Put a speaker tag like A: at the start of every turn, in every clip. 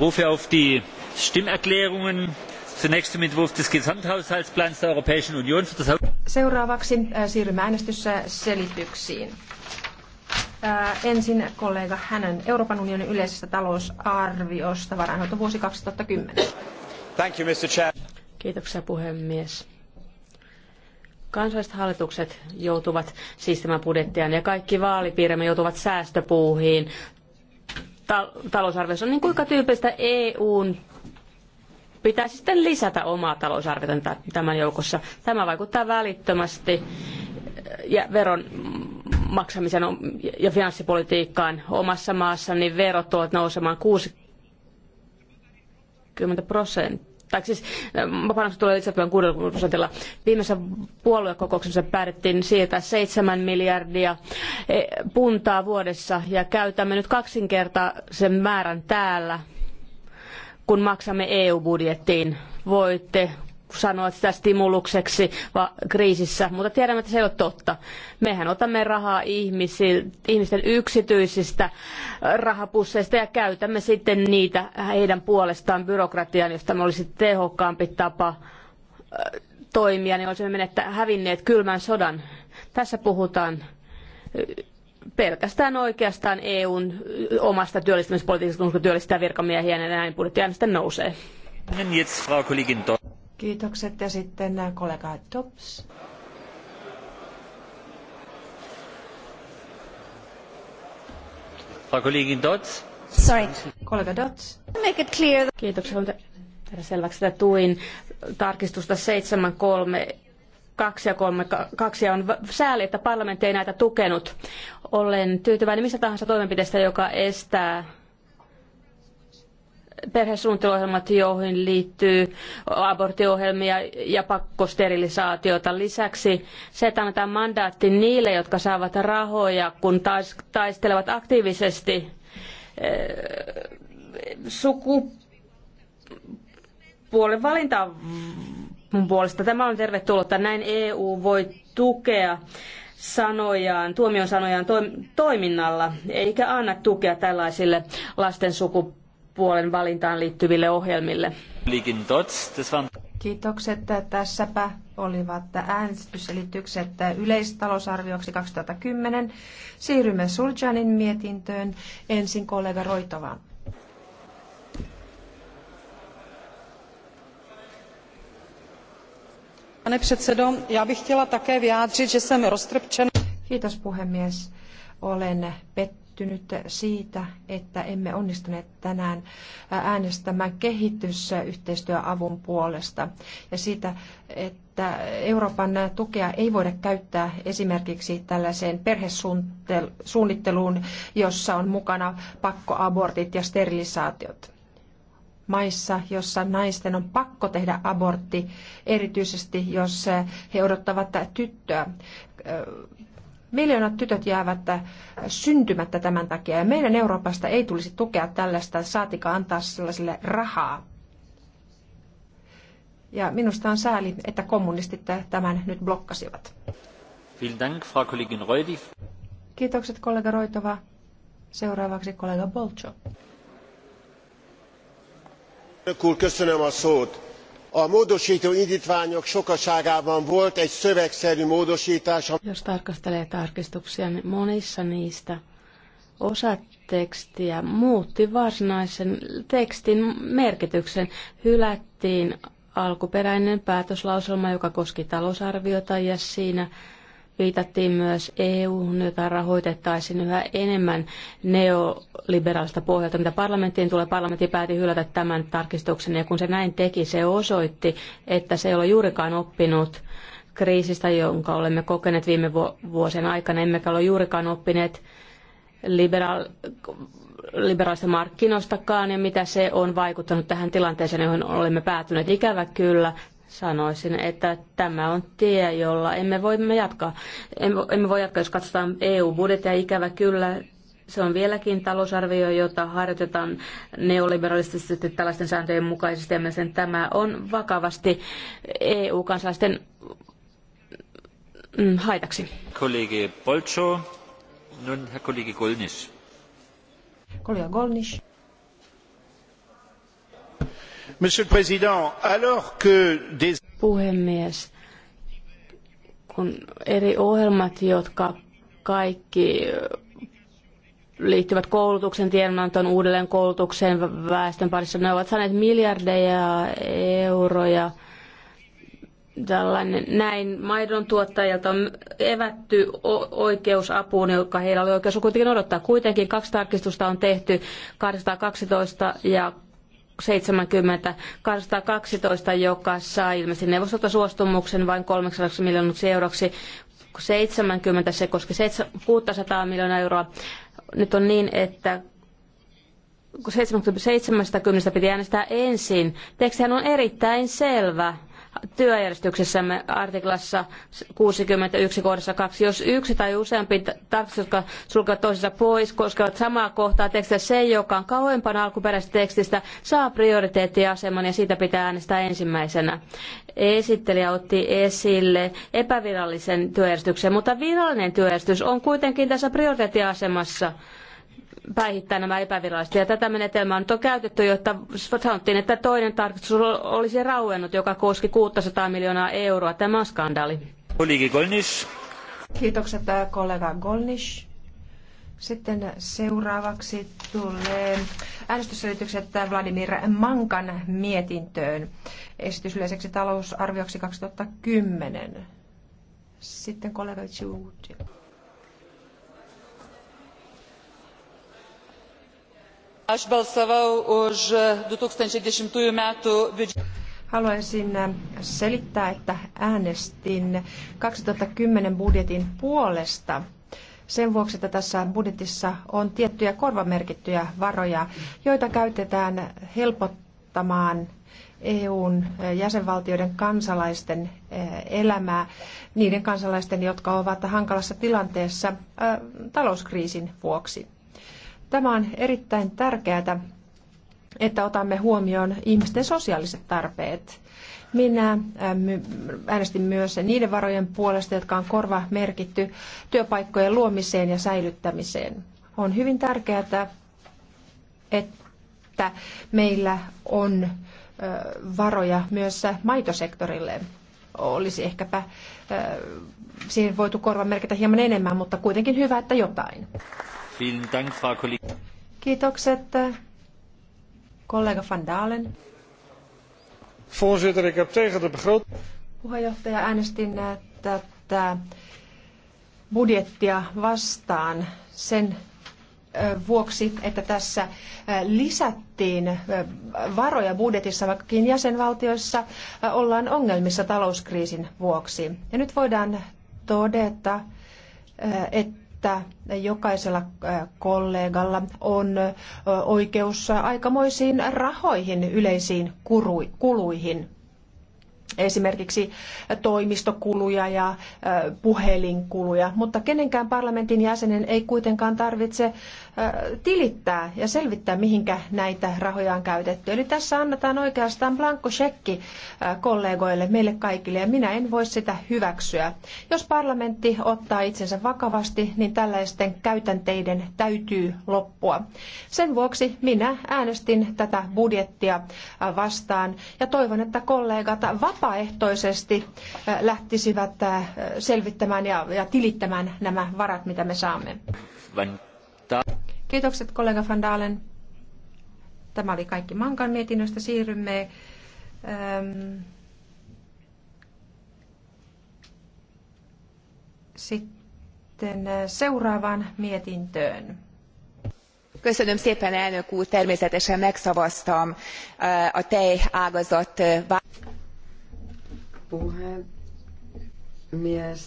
A: rufe auf die stimmerklärungen zunächst zum entwurf des gesamthaushaltsplans der europäischen union für das
B: Seuraavaksi äh, siirrymme äänestysselityksiin. Äh, ensin kollega Hänen Euroopan unionin yleisestä talousarviosta vuosi 2010.
A: Thank you, Mr. Chair.
C: Kiitoksia puhemies. Kansalliset hallitukset joutuvat siistämään budjettiaan ja kaikki vaalipiirimme joutuvat säästöpuuhiin talousarviossa, niin kuinka tyypillistä EUn pitäisi sitten lisätä omaa talousarviota tämän joukossa. Tämä vaikuttaa välittömästi eh, ja veron maksamisen ja finanssipolitiikkaan omassa maassa, niin verot tulevat nousemaan 60 prosenttia tai siis ähm, panostus tulee lisättyvän 6 prosentilla. Viimeisessä puoluekokouksessa päätettiin siirtää 7 miljardia e, puntaa vuodessa ja käytämme nyt kaksinkertaisen määrän täällä kun maksamme EU-budjettiin. Voitte sanoa sitä stimulukseksi kriisissä, mutta tiedämme, että se ei ole totta. Mehän otamme rahaa ihmisten yksityisistä äh, rahapusseista ja käytämme sitten niitä heidän puolestaan byrokratiaan, josta me olisi tehokkaampi tapa äh, toimia, niin olisimme menettä, hävinneet kylmän sodan. Tässä puhutaan äh, pelkästään oikeastaan EUn omasta työllistämispolitiikasta, kun työllistää virkamiehiä ja näin budjettiäänestä nousee. Kiitokset ja sitten äh, kollega Tops.
A: Frau Kollegin Dots.
C: Sorry. Kollega Dots. Make it clear. Kiitoksia. Haluan tehdä selväksi, tuin tarkistusta 7.3. kaksi ja 3, 2 on sääli, että parlamentti ei näitä tukenut. Olen tyytyväinen missä tahansa toimenpiteestä, joka estää perhesuunnitteluohjelmat, joihin liittyy aborttiohjelmia ja pakkosterilisaatiota. Lisäksi se, että annetaan mandaatti niille, jotka saavat rahoja, kun taistelevat aktiivisesti eh, sukupuolen valintaa puolesta. Tämä on tervetullutta. Näin EU voi tukea sanojaan, tuomion sanojaan toiminnalla, eikä anna tukea tällaisille lasten sukupuolelle sukupuolen valintaan liittyville ohjelmille. Kiitokset. Tässäpä olivat
B: äänestysselitykset yleistalousarvioksi 2010. Siirrymme Surjanin mietintöön. Ensin kollega Roitovan. Pane předsedo, já bych chtěla také vyjádřit, že jsem roztrpčena. Kiitos puhemies. Olen pettynyt pettynyt siitä, että emme onnistuneet tänään äänestämään kehitysyhteistyöavun puolesta ja siitä, että Euroopan tukea ei voida käyttää esimerkiksi tällaiseen perhesuunnitteluun, jossa on mukana pakkoabortit ja sterilisaatiot maissa, jossa naisten on pakko tehdä abortti, erityisesti jos he odottavat tyttöä Miljoonat tytöt jäävät äh, syntymättä tämän takia ja meidän Euroopasta ei tulisi tukea tällaista, saatika antaa sellaiselle rahaa. Ja minusta on sääli, että kommunistit tämän nyt blokkasivat. Kiitokset kollega Roitova. Seuraavaksi kollega Bolcho.
A: Köszönöm a a módostó indtványok sokaságában volt egy szövegszerű módostás. Jos
C: tarkastelee tarkistuksia, niin monissa niistä osa tekstiä muutti varsinaisen tekstin merkityksen. Hylättiin alkuperäinen päätöslauselma, joka koski talousarviota ja siinä Viitattiin myös EU, jota rahoitettaisiin yhä enemmän neoliberaalista pohjalta, mitä parlamenttiin tulee. Parlamentti päätti hylätä tämän tarkistuksen ja kun se näin teki, se osoitti, että se ei ole juurikaan oppinut kriisistä, jonka olemme kokeneet viime vuosien aikana, emmekä ole juurikaan oppineet liberaal, liberaalista markkinoistakaan ja mitä se on vaikuttanut tähän tilanteeseen, johon olemme päätyneet. Ikävä kyllä, sanoisin, että tämä on tie, jolla emme voi jatkaa. Emme voi jatkaa, jos katsotaan EU-budjettia. Ikävä kyllä, se on vieläkin talousarvio, jota harjoitetaan neoliberalistisesti tällaisten sääntöjen mukaisesti. Ja sen tämä on vakavasti EU-kansalaisten mm, haitaksi.
A: Kollegi Polcho, nun Kollegi Kollege Golnisch.
C: Kollega Golnisch. Puhemies, kun eri ohjelmat, jotka kaikki äh, liittyvät koulutuksen tiedonantoon, uudelleen koulutukseen väestön parissa, ne ovat saaneet miljardeja euroja tällainen, näin maidon tuottajilta on evätty oikeus apuun, joka heillä oli oikeus kuitenkin odottaa. Kuitenkin kaksi tarkistusta on tehty, 812 ja 70 212, joka sai ilmeisesti neuvostolta suostumuksen vain 300 miljoonaksi euroksi. 70 se koski 600 miljoonaa euroa. Nyt on niin, että 70 piti äänestää ensin. Tekstihän on erittäin selvä työjärjestyksessämme artiklassa 61 kohdassa 2. Jos yksi tai useampi tarkistus, jotka sulkevat toisensa pois, koskevat samaa kohtaa tekstissä, se, joka on kauempana alkuperäisestä tekstistä, saa prioriteettiaseman ja siitä pitää äänestää ensimmäisenä. Esittelijä otti esille epävirallisen työjärjestyksen, mutta virallinen työjärjestys on kuitenkin tässä prioriteettiasemassa päihittää nämä epäviralliset. Ja tätä menetelmää nyt on käytetty, jotta sanottiin, että toinen tarkastus olisi rauennut, joka koski 600 miljoonaa euroa. Tämä on skandaali. Kiitokset äh, kollega Golnish. Sitten
B: seuraavaksi tulee äänestysselitykset Vladimir Mankan mietintöön. Esitys yleiseksi talousarvioksi 2010. Sitten kollega Jude. Aš balsavau už 2010 metų Haluaisin äh, selittää, että äänestin 2010 budjetin puolesta sen vuoksi, että tässä budjetissa on tiettyjä korvamerkittyjä varoja, joita käytetään helpottamaan EUn äh, jäsenvaltioiden kansalaisten äh, elämää, niiden kansalaisten, jotka ovat hankalassa tilanteessa talouskriisin vuoksi. Tämä on erittäin tärkeää, että otamme huomioon ihmisten sosiaaliset tarpeet. Minä äänestin myös niiden varojen puolesta, jotka on korva merkitty työpaikkojen luomiseen ja säilyttämiseen. On hyvin tärkeää, että meillä on varoja myös maitosektorille. Olisi ehkäpä siihen voitu korva merkitä hieman enemmän, mutta kuitenkin hyvä, että jotain. Kiitokset. kollega Van Dalen.
A: Voorzitter, ik heb tegen de begroting...
B: Puheenjohtaja, äänestin äh, tätä budjettia vastaan sen äh, vuoksi, että tässä äh, lisättiin varoja budjetissa, vaikkakin jäsenvaltioissa ollaan ongelmissa talouskriisin vuoksi. Ja nyt voidaan todeta, että että jokaisella kollegalla on oikeus aikamoisiin rahoihin yleisiin kuluihin esimerkiksi toimistokuluja ja puhelinkuluja, mutta kenenkään parlamentin jäsenen ei kuitenkaan tarvitse tilittää ja selvittää, mihinkä näitä rahoja on käytetty. Eli tässä annetaan oikeastaan blankkosekki kollegoille, meille kaikille, ja minä en voi sitä hyväksyä. Jos parlamentti ottaa itsensä vakavasti, niin tällaisten käytänteiden täytyy loppua. Sen vuoksi minä äänestin tätä budjettia vastaan ja toivon, että kollegat vapaa vapaaehtoisesti lähtisivät selvittämään ja, ja tilittämään nämä varat, mitä me saamme. Kiitokset kollega Van Dalen. Tämä oli kaikki Mankan mietinnöstä. Siirrymme ähm, sitten seuraavaan mietintöön természetesen megszavaztam a tejágazat.
D: Mies,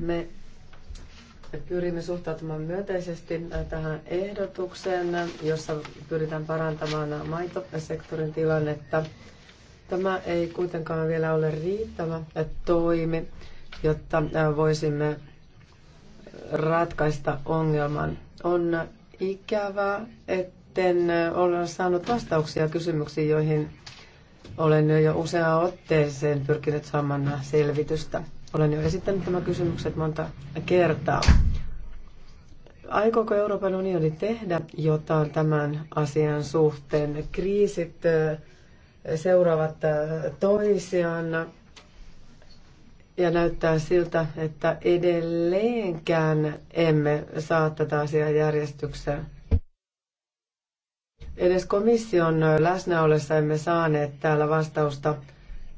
D: Me pyrimme suhtautumaan myönteisesti tähän ehdotukseen, jossa pyritään parantamaan maitosektorin tilannetta. Tämä ei kuitenkaan vielä ole riittävä toimi, jotta voisimme ratkaista ongelman. On ikävää, etten ole saanut vastauksia kysymyksiin, joihin olen jo useaan otteeseen pyrkinyt saamaan selvitystä. Olen jo esittänyt tämän kysymykset monta kertaa. Aikooko Euroopan unioni tehdä jotain tämän asian suhteen? Kriisit seuraavat toisiaan ja näyttää siltä, että edelleenkään emme saa tätä asiaa järjestykseen. Edes komission läsnäolessa emme saaneet täällä vastausta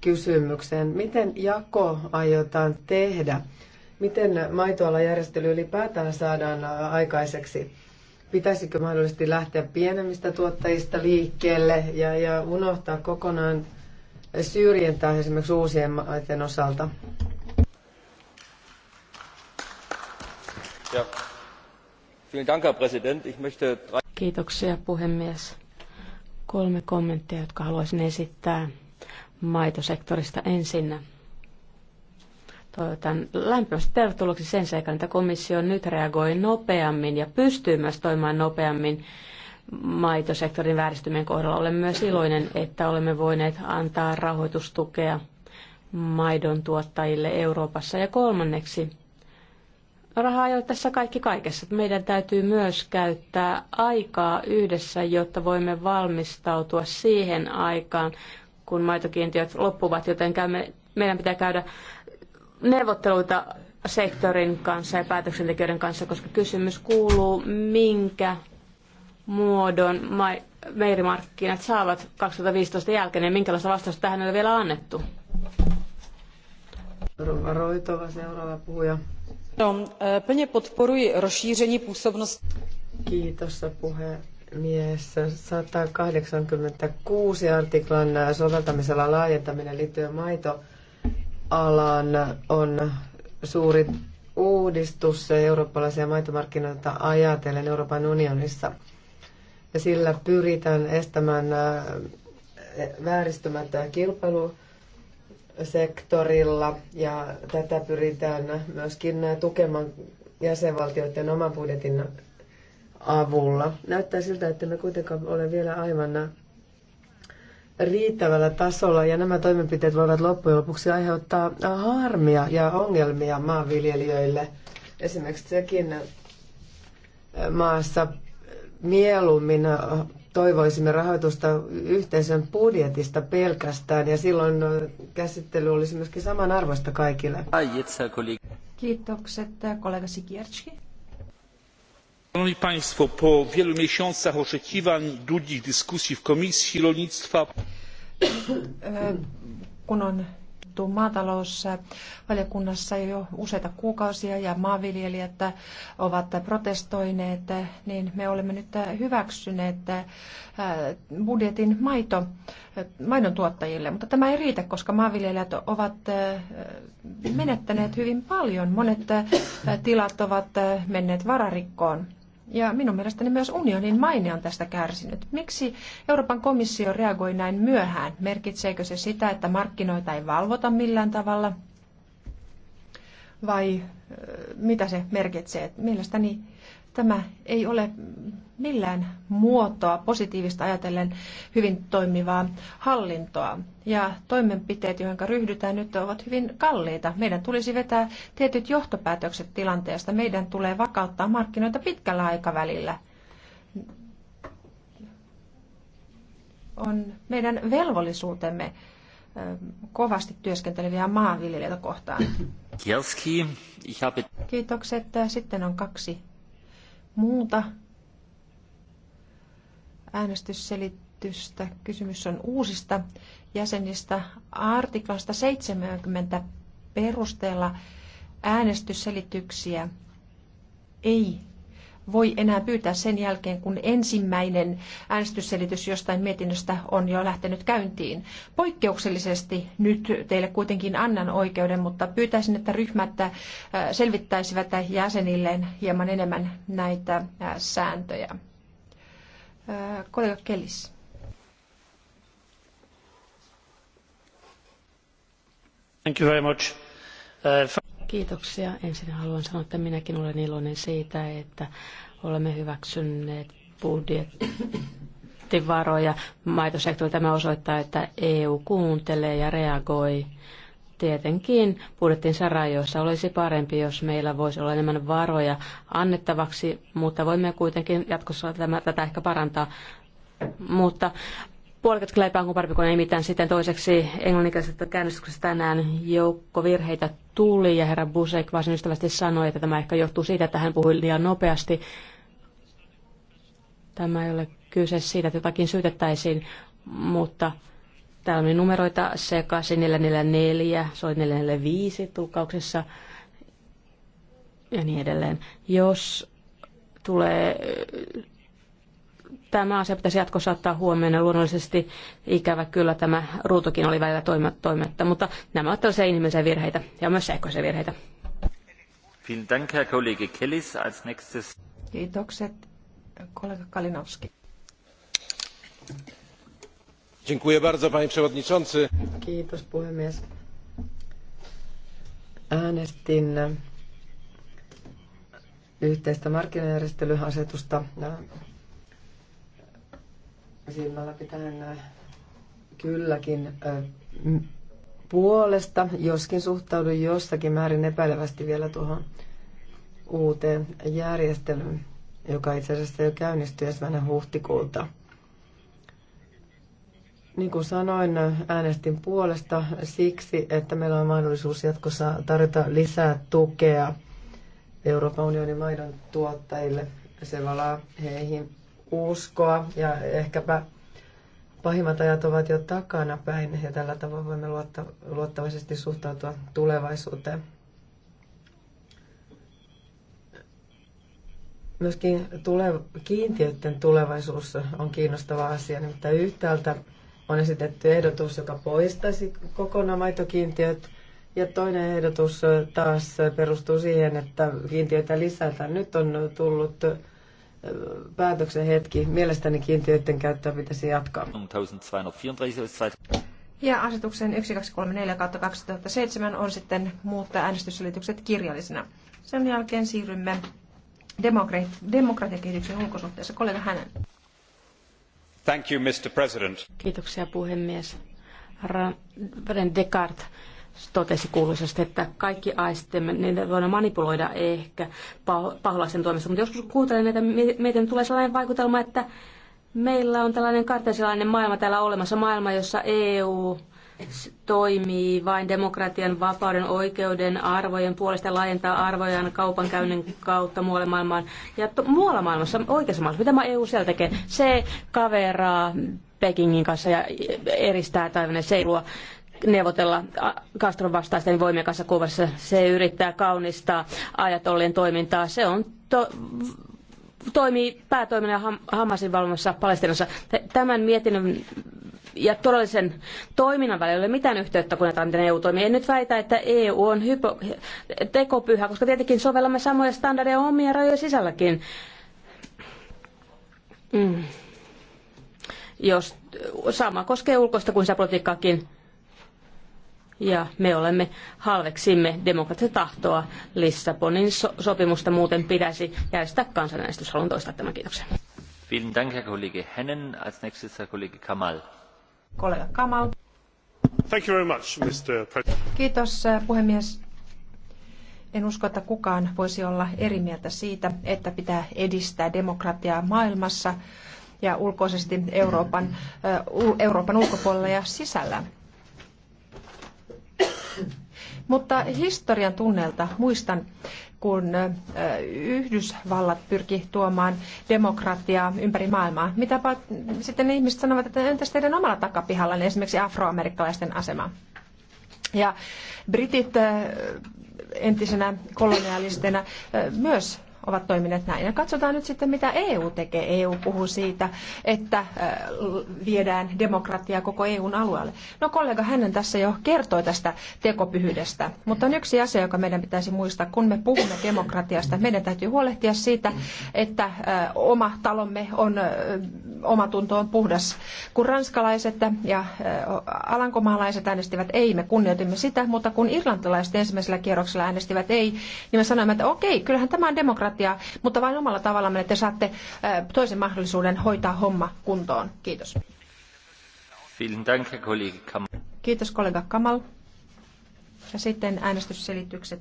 D: kysymykseen. Miten jako aiotaan tehdä? Miten maitoalajärjestely järjestely ylipäätään saadaan aikaiseksi? Pitäisikö mahdollisesti lähteä pienemmistä tuottajista liikkeelle ja, ja unohtaa kokonaan syrjintää esimerkiksi uusien maiden osalta?
A: Ja.
C: Kiitoksia puhemies. Kolme kommenttia, jotka haluaisin esittää maitosektorista ensin. Toivotan lämpimästi tervetulleeksi sen seikan, että komissio nyt reagoi nopeammin ja pystyy myös toimimaan nopeammin maitosektorin vääristymien kohdalla. Olen myös iloinen, että olemme voineet antaa rahoitustukea maidon tuottajille Euroopassa. Ja kolmanneksi, raha ei ole tässä kaikki kaikessa. Meidän täytyy myös käyttää aikaa yhdessä, jotta voimme valmistautua siihen aikaan, kun maitokiintiöt loppuvat, joten käymme, meidän pitää käydä neuvotteluita sektorin kanssa ja päätöksentekijöiden kanssa, koska kysymys kuuluu, minkä muodon mai- meirimarkkinat saavat 2015 jälkeen ja minkälaista vastausta tähän ei ole vielä annettu.
D: Roitova, seuraava puhuja.
C: No, plně podporuji rozšíření působnosti. Kiitos
D: puhe mies 186 artiklan soveltamisella laajentaminen liittyen maitoalaan on suuri uudistus eurooppalaisia maitomarkkinoita ajatellen Euroopan unionissa. Ja sillä pyritään estämään äh, vääristymättä kilpailu sektorilla ja tätä pyritään myöskin tukemaan jäsenvaltioiden oman budjetin avulla. Näyttää siltä, että me kuitenkaan ole vielä aivan riittävällä tasolla ja nämä toimenpiteet voivat loppujen lopuksi aiheuttaa harmia ja ongelmia maanviljelijöille. Esimerkiksi sekin maassa mieluummin toivoisimme rahoitusta yhteisön budjetista pelkästään ja silloin käsittely olisi myöskin samanarvoista kaikille.
B: Kiitokset kollega Sikierski
A: po wielu miesiącach oczekiwań i długich dyskusji w komisji rolnictwa
B: äh, kun on puhuttu maatalousvaliokunnassa jo useita kuukausia ja maanviljelijät ovat protestoineet, niin me olemme nyt hyväksyneet äh, budjetin maito, äh, maidon tuottajille. Mutta tämä ei riitä, koska maanviljelijät ovat menettäneet hyvin paljon. Monet tilat ovat menneet vararikkoon. Ja minun mielestäni myös unionin maine on tästä kärsinyt. Miksi Euroopan komissio reagoi näin myöhään? Merkitseekö se sitä, että markkinoita ei valvota millään tavalla? Vai mitä se merkitsee? Mielestäni Tämä ei ole millään muotoa positiivista ajatellen hyvin toimivaa hallintoa. Ja toimenpiteet, joihin ryhdytään nyt, ovat hyvin kalliita. Meidän tulisi vetää tietyt johtopäätökset tilanteesta. Meidän tulee vakauttaa markkinoita pitkällä aikavälillä. On meidän velvollisuutemme kovasti työskenteleviä maanviljelijöitä kohtaan. ich habe... Kiitokset. Sitten on kaksi muuta äänestysselitystä. Kysymys on uusista jäsenistä artiklasta 70 perusteella äänestysselityksiä ei voi enää pyytää sen jälkeen, kun ensimmäinen äänestysselitys jostain mietinnöstä on jo lähtenyt käyntiin. Poikkeuksellisesti nyt teille kuitenkin annan oikeuden, mutta pyytäisin, että ryhmät äh, selvittäisivät jäsenilleen hieman enemmän näitä äh, sääntöjä. Äh, kollega Kellis.
A: Thank you very much. Uh,
C: Kiitoksia. Ensin haluan sanoa, että minäkin olen iloinen siitä, että olemme hyväksyneet budjettivaroja maitosektorilla. Tämä osoittaa, että EU kuuntelee ja reagoi tietenkin budjettinsa rajoissa olisi parempi, jos meillä voisi olla enemmän varoja annettavaksi, mutta voimme kuitenkin jatkossa tätä ehkä parantaa. Mutta puolikatkin leipää on parempi kuin ei mitään. Sitten toiseksi englanninkielisestä käännöstyksestä tänään joukko virheitä tuli ja herra Busek varsin ystävästi sanoi, että tämä ehkä johtuu siitä, että hän puhui liian nopeasti. Tämä ei ole kyse siitä, että jotakin syytettäisiin, mutta täällä oli numeroita sekaisin 444, se oli 445 tulkauksessa ja niin edelleen. Jos tulee tämä asia pitäisi jatkossa ottaa huomioon ja luonnollisesti ikävä kyllä tämä ruutukin oli välillä toimetta, mutta nämä ovat tällaisia inhimillisiä virheitä ja myös sähköisiä virheitä. Kiitokset. Kollega
B: Kalinowski.
A: Dziękuję bardzo, panie przewodniczący.
D: Kiitos, puhemies. Äänestin yhteistä markkinajärjestelyasetusta silmällä pitäen kylläkin puolesta, joskin suhtaudun jossakin määrin epäilevästi vielä tuohon uuteen järjestelyyn, joka itse asiassa jo käynnistyi ensimmäinen huhtikuuta. Niin kuin sanoin, äänestin puolesta siksi, että meillä on mahdollisuus jatkossa tarjota lisää tukea Euroopan unionin maidon tuottajille. Se valaa heihin uskoa ja ehkäpä pahimmat ajat ovat jo takana päin ja tällä tavoin voimme luotta, luottavaisesti suhtautua tulevaisuuteen. Myöskin tule, kiintiöiden tulevaisuus on kiinnostava asia, nimittäin yhtäältä on esitetty ehdotus, joka poistaisi kokonaan maitokiintiöt, ja toinen ehdotus taas perustuu siihen, että kiintiöitä lisätään. Nyt on tullut päätöksen hetki. Mielestäni kiintiöiden käyttöä pitäisi jatkaa.
B: Ja asetuksen 1234-2007 on sitten muuttaa äänestysselitykset kirjallisena. Sen jälkeen siirrymme demokrati- demokratiakehityksen ulkosuhteessa. Kollega Hänen.
C: Thank you, Mr. President. Kiitoksia puhemies. Ra- Descartes totesi kuuluisasti, että kaikki aistimme, niitä voidaan manipuloida ehkä paholaisen toimesta. Mutta joskus kun kuuntelen näitä, mietin, tulee sellainen vaikutelma, että meillä on tällainen kartesilainen maailma täällä olemassa, maailma, jossa EU toimii vain demokratian, vapauden, oikeuden, arvojen puolesta laajentaa arvojaan kaupankäynnin kautta muualle maailmaan. Ja to, muualla maailmassa, oikeassa maailmassa, mitä mä e EU siellä tekee? Se kaveraa Pekingin kanssa ja eristää taivainen seilua neuvotella Castron vastaisten voimien kanssa kuvassa. Se yrittää kaunistaa ajatollien toimintaa. Se on to- toimii päätoimena Hamasin valvomassa Palestinassa. Tämän mietinnön ja todellisen toiminnan välillä ei ole mitään yhteyttä, kun näitä EU e toimii. En nyt väitä, että EU on hypo- tekopyhä, koska tietenkin sovellamme samoja standardeja omien rajojen sisälläkin. Mm. Jos sama koskee ulkoista kuin politiikkaakin ja me olemme halveksimme demokratian tahtoa. Lissabonin so- sopimusta muuten pitäisi järjestää kansanäänestys. Haluan toistaa tämän kiitoksen.
A: Vielen Dank, Herr Kollege Hennen. Als nächstes Herr Kollege Kamal.
C: Kollega Kamal.
A: Thank you very much, Mr. President.
B: Kiitos, äh, puhemies. En usko, että kukaan voisi olla eri mieltä siitä, että pitää edistää demokratiaa maailmassa ja ulkoisesti Euroopan, äh, Euroopan ulkopuolella ja sisällä. Mutta historian tunnelta muistan, kun Yhdysvallat pyrki tuomaan demokratiaa ympäri maailmaa. Mitäpä sitten ihmiset sanovat, että entäs teidän omalla takapihalla, niin esimerkiksi afroamerikkalaisten asema? Ja britit entisenä kolonialistina myös ovat toimineet näin. Ja katsotaan nyt sitten, mitä EU tekee. EU puhuu siitä, että äh, viedään demokratiaa koko EUn alueelle. No kollega, hänen tässä jo kertoi tästä tekopyhyydestä. Mutta on yksi asia, joka meidän pitäisi muistaa, kun me puhumme demokratiasta. Meidän täytyy huolehtia siitä, että äh, oma talomme on äh, omatunto on puhdas. Kun ranskalaiset ja alankomaalaiset äänestivät ei, me kunnioitimme sitä, mutta kun irlantilaiset ensimmäisellä kierroksella äänestivät ei, niin me sanoimme, että okei, kyllähän tämä on demokratiaa, mutta vain omalla tavalla, että te saatte toisen mahdollisuuden hoitaa homma kuntoon. Kiitos. Kiitos kollega Kamal. Ja sitten äänestysselitykset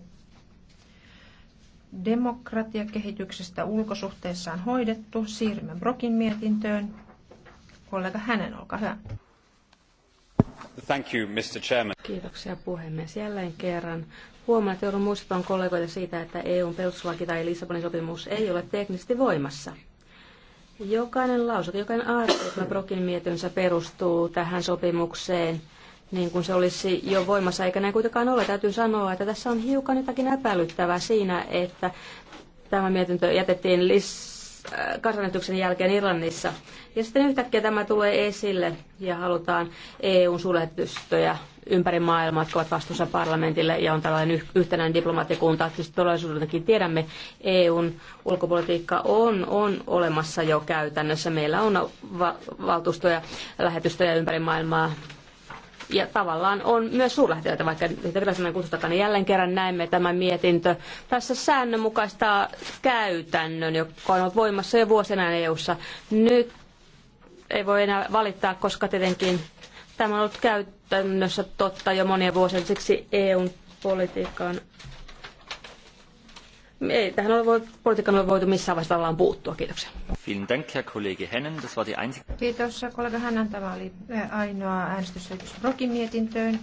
B: demokratiakehityksestä ulkosuhteissa on hoidettu. Siirrymme Brokin
C: mietintöön. Kollega hänen, olkaa hyvä.
A: Thank you, Mr. Chairman.
C: Kiitoksia puhemies. Jälleen kerran huomaan, että joudun muistuttamaan kollegoita siitä, että EUn perustuslaki tai Lissabonin sopimus ei ole teknisesti voimassa. Jokainen lauseke, jokainen artikla Brokin mietinnössä perustuu tähän sopimukseen – niin kuin se olisi jo voimassa, eikä näin kuitenkaan ole. Täytyy sanoa, että tässä on hiukan jotakin epäilyttävää siinä, että tämä mietintö jätettiin lis- äh, kansanäytöksen jälkeen Irlannissa. Ja sitten yhtäkkiä tämä tulee esille ja halutaan EUn suljetystöjä ympäri maailmaa, jotka ovat vastuussa parlamentille ja on tällainen yhtenäinen diplomaattikunta. Tietysti todellisuudenakin tiedämme, EUn ulkopolitiikka on, on olemassa jo käytännössä. Meillä on va- valtuustoja, lähetystöjä ympäri maailmaa ja tavallaan on myös suurlähtiöitä, vaikka niitä virallisena kutsutakaan. Niin jälleen kerran näemme tämä mietintö. Tässä säännönmukaista käytännön, joka on ollut voimassa jo vuosina EU-ssa. Nyt ei voi enää valittaa, koska tietenkin tämä on ollut käytännössä totta jo monia vuosia. Siksi EUn politiikka on
A: ei tähän ole voitu, politiikan ole voitu
C: missään vaiheessa tavallaan puuttua. Kiitoksia. Kiitos
B: kollega Hännän. Tämä oli eh, ainoa äänestysselitys Brokin mietintöön.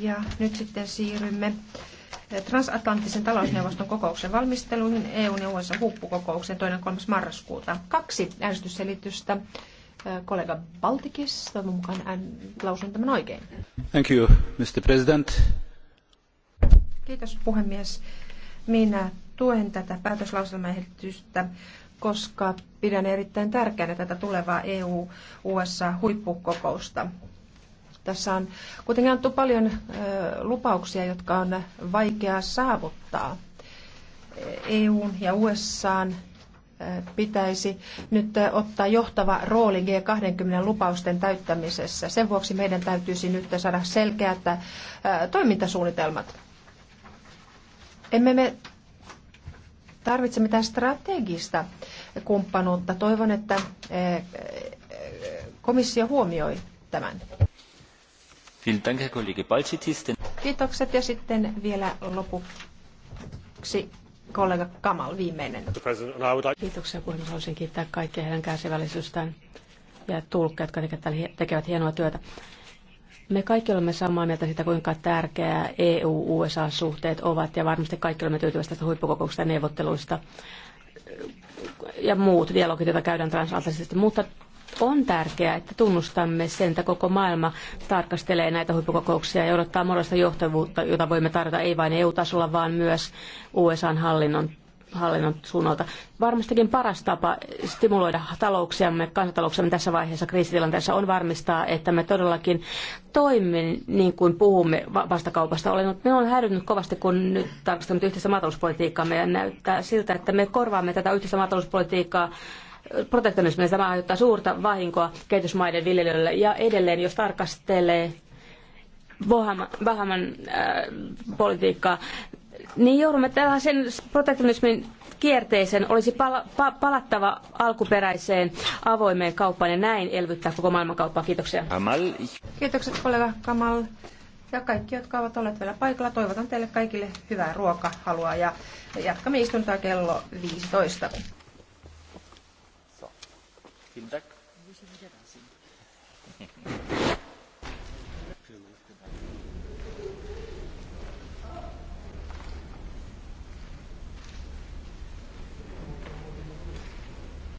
B: Ja nyt sitten siirrymme eh, transatlanttisen talousneuvoston kokouksen valmisteluihin EUn ja USA huippukokouksen 2.3. marraskuuta. Kaksi äänestysselitystä. Eh, kollega Baltikis, toivon mukaan lausun tämän oikein.
A: Thank you, Mr. President.
B: Kiitos puhemies. Minä tuen tätä päätöslauselmaehdotusta, koska pidän erittäin tärkeänä tätä tulevaa EU-USA-huippukokousta. Tässä on kuitenkin annettu paljon lupauksia, jotka on vaikea saavuttaa. EUn ja USAn pitäisi nyt ottaa johtava rooli G20-lupausten täyttämisessä. Sen vuoksi meidän täytyisi nyt saada selkeät toimintasuunnitelmat. Emme me tarvitse mitään strategista kumppanuutta. Toivon, että eh, komissio huomioi tämän. Kiitokset ja sitten vielä lopuksi
C: kollega Kamal viimeinen. Kiitoksia puhemies. Haluaisin kiittää kaikkia heidän kärsivällisyystään ja tulkkeja, jotka tekevät hienoa työtä. Me kaikki olemme samaa mieltä siitä, kuinka tärkeää EU-USA-suhteet ovat, ja varmasti kaikki olemme tyytyväisiä tästä huippukokouksesta ja neuvotteluista ja muut dialogit, joita käydään transatlanttisesti. Mutta on tärkeää, että tunnustamme sen, että koko maailma tarkastelee näitä huippukokouksia ja odottaa moraalista johtavuutta, jota voimme tarjota ei vain EU-tasolla, vaan myös USAn hallinnon hallinnon suunnalta. Varmastikin paras tapa stimuloida talouksiamme, kansantalouksiamme tässä vaiheessa kriisitilanteessa on varmistaa, että me todellakin toimimme niin kuin puhumme vastakaupasta. Olen, minä olen häirinyt kovasti, kun nyt tarkastanut yhteistä maatalouspolitiikkaa meidän näyttää siltä, että me korvaamme tätä yhteistä maatalouspolitiikkaa protektionismille. tämä aiheuttaa suurta vahinkoa kehitysmaiden viljelijöille ja edelleen, jos tarkastelee Vahaman äh, politiikkaa niin joudumme tällaisen protektionismin kierteeseen. Olisi pala pa palattava alkuperäiseen avoimeen kauppaan ja näin elvyttää koko maailmankauppaa. Kiitoksia. Kiitokset
B: kollega Kamal. Ja kaikki, jotka ovat olleet vielä paikalla, toivotan teille kaikille hyvää ruokahalua ja jatkamme istuntoa kello 15.
A: So.